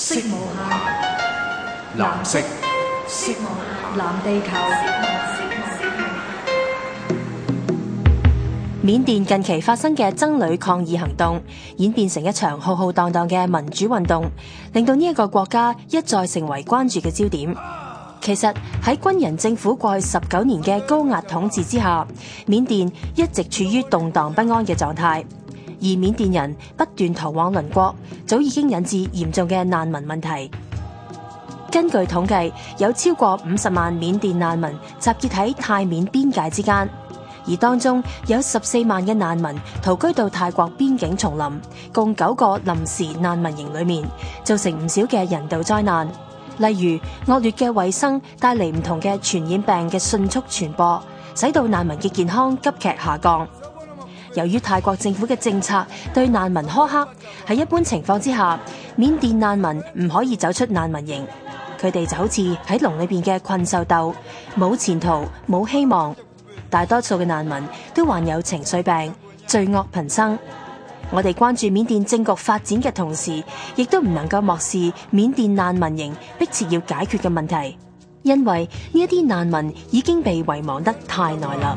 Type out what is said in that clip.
色母下藍色，藍色母下，藍地球。緬甸近期發生嘅僧侶抗議行動演變成一場浩浩蕩蕩嘅民主運動，令到呢一個國家一再成為關注嘅焦點。其實喺軍人政府過去十九年嘅高壓統治之下，緬甸一直處於動蕩不安嘅狀態。而緬甸人不斷逃往鄰國，早已經引致嚴重嘅難民問題。根據統計，有超過五十萬緬甸難民集結喺泰緬邊界之間，而當中有十四萬嘅難民逃居到泰國邊境叢林，共九個臨時難民營裏面，造成唔少嘅人道災難。例如惡劣嘅衛生，帶嚟唔同嘅傳染病嘅迅速傳播，使到難民嘅健康急劇下降。由於泰國政府嘅政策對難民苛刻，喺一般情況之下，緬甸難民唔可以走出難民營，佢哋就好似喺籠裏邊嘅困獸鬥，冇前途、冇希望。大多數嘅難民都患有情緒病，罪惡頻生。我哋關注緬甸政局發展嘅同時，亦都唔能夠漠視緬甸難民營迫切要解決嘅問題，因為呢一啲難民已經被遺忘得太耐啦。